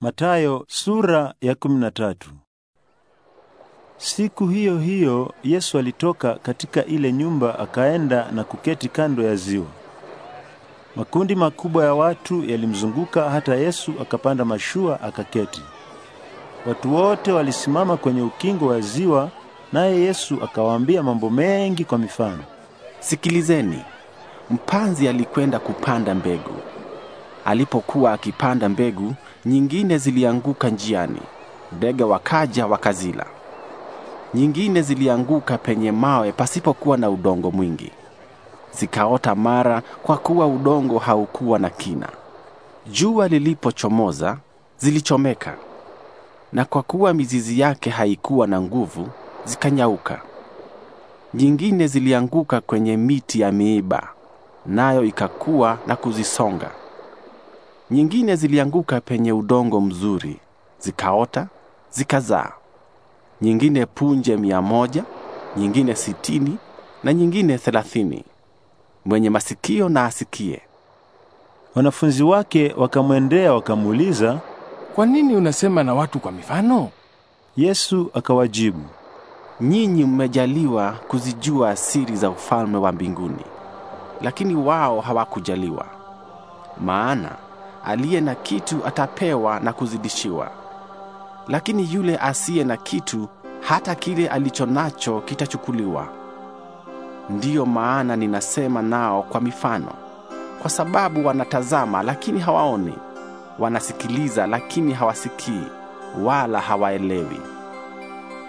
Matayo sura ya kumi na tatu. Siku hiyo hiyo Yesu alitoka katika ile nyumba akaenda na kuketi kando ya ziwa. Makundi makubwa ya watu yalimzunguka hata Yesu akapanda mashua akaketi. Watu wote walisimama kwenye ukingo wa ziwa naye Yesu akawaambia mambo mengi kwa mifano. Sikilizeni. Mpanzi alikwenda kupanda mbegu. Alipokuwa akipanda mbegu, nyingine zilianguka njiani, ndege wakaja wakazila. Nyingine zilianguka penye mawe pasipokuwa na udongo mwingi, zikaota mara, kwa kuwa udongo haukuwa na kina. Jua lilipochomoza zilichomeka, na kwa kuwa mizizi yake haikuwa na nguvu, zikanyauka. Nyingine zilianguka kwenye miti ya miiba, nayo ikakua na kuzisonga nyingine zilianguka penye udongo mzuri, zikaota, zikazaa, nyingine punje mia moja, nyingine sitini na nyingine thelathini. Mwenye masikio na asikie. Wanafunzi wake wakamwendea wakamuuliza, kwa nini unasema na watu kwa mifano? Yesu akawajibu, nyinyi mmejaliwa kuzijua siri za ufalme wa mbinguni, lakini wao hawakujaliwa. Maana aliye na kitu atapewa na kuzidishiwa, lakini yule asiye na kitu, hata kile alicho nacho kitachukuliwa. Ndiyo maana ninasema nao kwa mifano, kwa sababu wanatazama lakini hawaoni, wanasikiliza lakini hawasikii wala hawaelewi.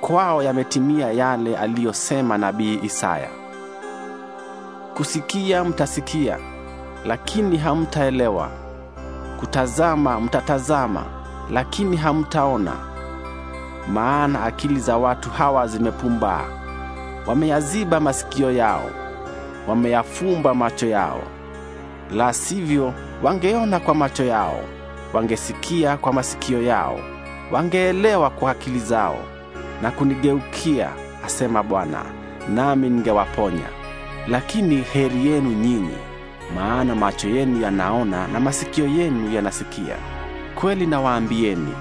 Kwao yametimia yale aliyosema nabii Isaya: kusikia mtasikia, lakini hamtaelewa Kutazama mtatazama, lakini hamtaona, maana akili za watu hawa zimepumbaa. Wameyaziba masikio yao, wameyafumba macho yao. La sivyo, wangeona kwa macho yao, wangesikia kwa masikio yao, wangeelewa kwa akili zao na kunigeukia, asema Bwana, nami ningewaponya. Lakini heri yenu nyinyi maana macho yenu yanaona na masikio yenu yanasikia. Kweli nawaambieni,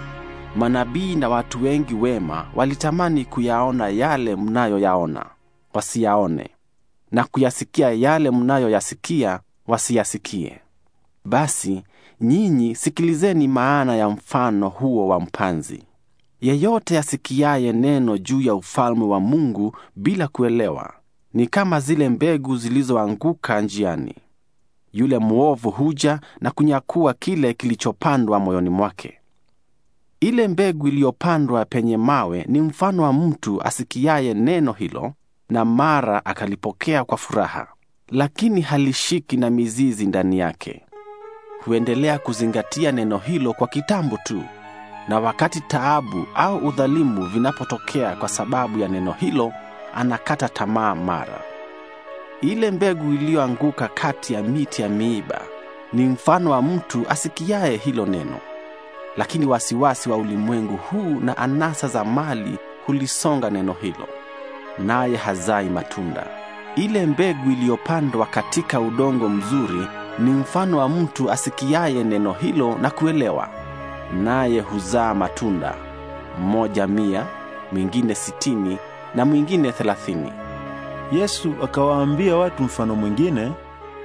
manabii na watu wengi wema walitamani kuyaona yale mnayoyaona, wasiyaone, na kuyasikia yale mnayoyasikia, wasiyasikie. Basi nyinyi sikilizeni maana ya mfano huo wa mpanzi. Yeyote asikiaye neno juu ya ufalme wa Mungu bila kuelewa, ni kama zile mbegu zilizoanguka njiani yule mwovu huja na kunyakua kile kilichopandwa moyoni mwake. Ile mbegu iliyopandwa penye mawe ni mfano wa mtu asikiaye neno hilo na mara akalipokea kwa furaha, lakini halishiki na mizizi ndani yake. Huendelea kuzingatia neno hilo kwa kitambo tu, na wakati taabu au udhalimu vinapotokea kwa sababu ya neno hilo, anakata tamaa mara ile mbegu iliyoanguka kati ya miti ya miiba ni mfano wa mtu asikiaye hilo neno, lakini wasiwasi wa ulimwengu huu na anasa za mali hulisonga neno hilo, naye hazai matunda. Ile mbegu iliyopandwa katika udongo mzuri ni mfano wa mtu asikiaye neno hilo na kuelewa, naye huzaa matunda, mmoja mia, mwingine sitini na mwingine thelathini. Yesu akawaambia watu mfano mwingine,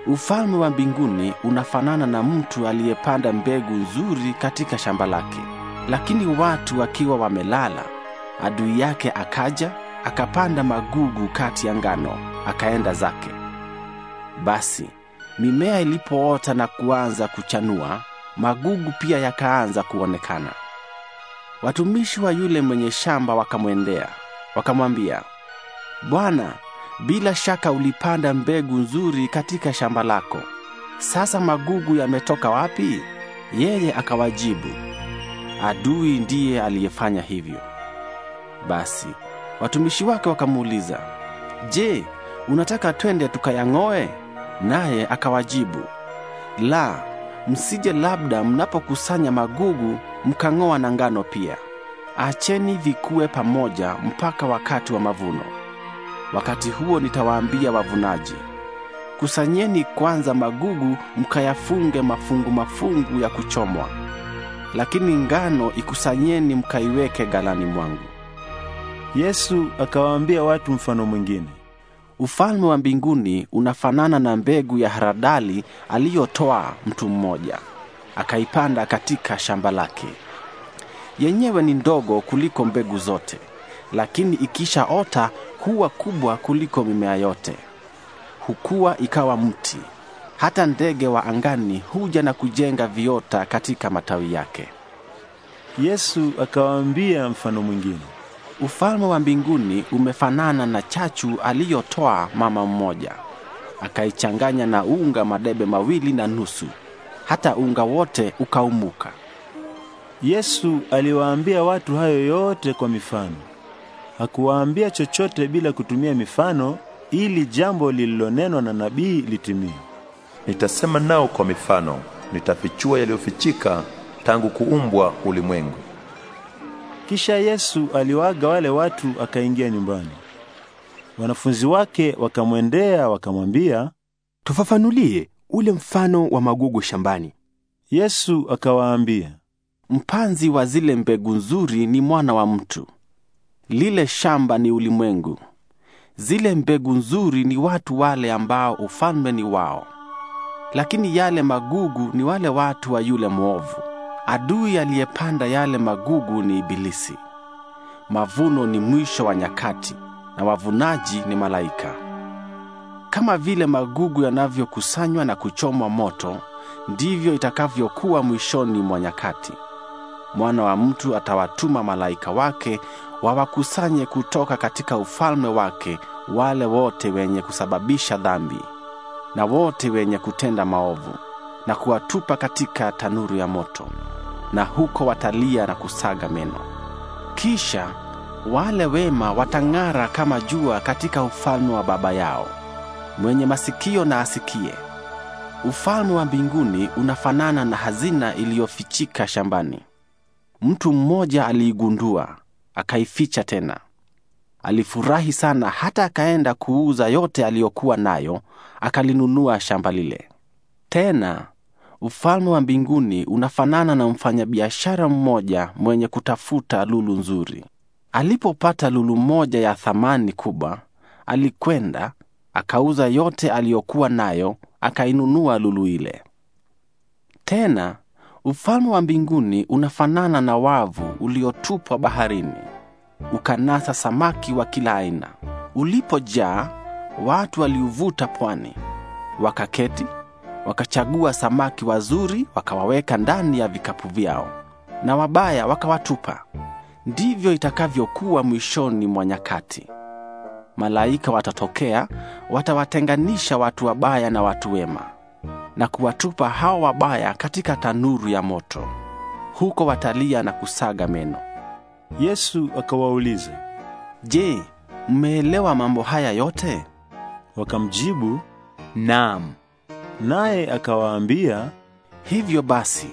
ufalme wa mbinguni unafanana na mtu aliyepanda mbegu nzuri katika shamba lake. Lakini watu wakiwa wamelala, adui yake akaja akapanda magugu kati ya ngano, akaenda zake. Basi mimea ilipoota na kuanza kuchanua, magugu pia yakaanza kuonekana. Watumishi wa yule mwenye shamba wakamwendea, wakamwambia, Bwana, bila shaka ulipanda mbegu nzuri katika shamba lako. Sasa magugu yametoka wapi? Yeye akawajibu, adui ndiye aliyefanya hivyo. Basi watumishi wake wakamuuliza, je, unataka twende tukayang'oe? Naye akawajibu, la, msije labda mnapokusanya magugu mkang'oa na ngano pia. Acheni vikue pamoja mpaka wakati wa mavuno. Wakati huo nitawaambia wavunaji, kusanyeni kwanza magugu mkayafunge mafungu mafungu ya kuchomwa, lakini ngano ikusanyeni mkaiweke galani mwangu. Yesu akawaambia watu mfano mwingine, ufalme wa mbinguni unafanana na mbegu ya haradali aliyotoa mtu mmoja, akaipanda katika shamba lake. Yenyewe ni ndogo kuliko mbegu zote, lakini ikishaota kuwa kubwa kuliko mimea yote, hukua ikawa mti. Hata ndege wa angani huja na kujenga viota katika matawi yake. Yesu akawaambia mfano mwingine, ufalme wa mbinguni umefanana na chachu aliyotoa mama mmoja, akaichanganya na unga madebe mawili na nusu, hata unga wote ukaumuka. Yesu aliwaambia watu hayo yote kwa mifano hakuwaambia chochote bila kutumia mifano, ili jambo lililonenwa na nabii litimie. Nitasema nao kwa mifano, nitafichua yaliyofichika tangu kuumbwa ulimwengu. Kisha Yesu aliwaaga wale watu, akaingia nyumbani. Wanafunzi wake wakamwendea wakamwambia, tufafanulie ule mfano wa magugu shambani. Yesu akawaambia, mpanzi wa zile mbegu nzuri ni mwana wa mtu lile shamba ni ulimwengu, zile mbegu nzuri ni watu wale ambao ufalme ni wao, lakini yale magugu ni wale watu wa yule mwovu. Adui aliyepanda yale magugu ni Ibilisi. Mavuno ni mwisho wa nyakati, na wavunaji ni malaika. Kama vile magugu yanavyokusanywa na kuchomwa moto, ndivyo itakavyokuwa mwishoni mwa nyakati. Mwana wa mtu atawatuma malaika wake wawakusanye kutoka katika ufalme wake wale wote wenye kusababisha dhambi na wote wenye kutenda maovu, na kuwatupa katika tanuru ya moto, na huko watalia na kusaga meno. Kisha wale wema watang'ara kama jua katika ufalme wa Baba yao. Mwenye masikio na asikie. Ufalme wa mbinguni unafanana na hazina iliyofichika shambani. Mtu mmoja aliigundua akaificha tena. Alifurahi sana hata akaenda kuuza yote aliyokuwa nayo, akalinunua shamba lile. Tena ufalme wa mbinguni unafanana na mfanyabiashara mmoja mwenye kutafuta lulu nzuri. Alipopata lulu moja ya thamani kubwa, alikwenda akauza yote aliyokuwa nayo, akainunua lulu ile. Tena Ufalme wa mbinguni unafanana na wavu uliotupwa baharini, ukanasa samaki wa kila aina. Ulipojaa, watu waliuvuta pwani, wakaketi, wakachagua samaki wazuri, wakawaweka ndani ya vikapu vyao, na wabaya wakawatupa. Ndivyo itakavyokuwa mwishoni mwa nyakati. Malaika watatokea, watawatenganisha watu wabaya na watu wema na kuwatupa hao wabaya katika tanuru ya moto. Huko watalia na kusaga meno. Yesu akawauliza, Je, mmeelewa mambo haya yote? Wakamjibu, Naam. Naye akawaambia, Hivyo basi,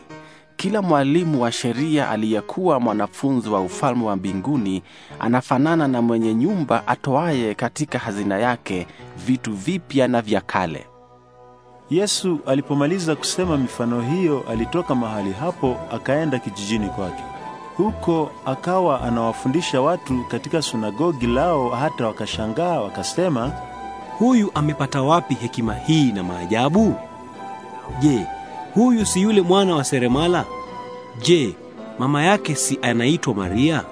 kila mwalimu wa sheria aliyekuwa mwanafunzi wa ufalme wa mbinguni anafanana na mwenye nyumba atoaye katika hazina yake vitu vipya na vya kale. Yesu alipomaliza kusema mifano hiyo, alitoka mahali hapo akaenda kijijini kwake. Huko akawa anawafundisha watu katika sunagogi lao, hata wakashangaa wakasema, huyu amepata wapi hekima hii na maajabu? Je, huyu si yule mwana wa seremala? Je, mama yake si anaitwa Maria?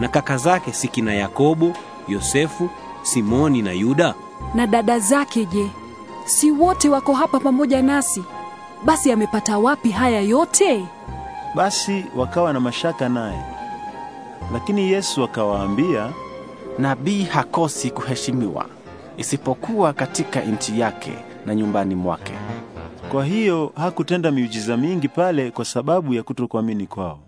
Na kaka zake si kina Yakobo, Yosefu, Simoni na Yuda? Na dada zake je? si wote wako hapa pamoja nasi? Basi amepata wapi haya yote? Basi wakawa na mashaka naye. Lakini Yesu akawaambia, nabii hakosi kuheshimiwa isipokuwa katika nchi yake na nyumbani mwake. Kwa hiyo hakutenda miujiza mingi pale kwa sababu ya kutokuamini kwao.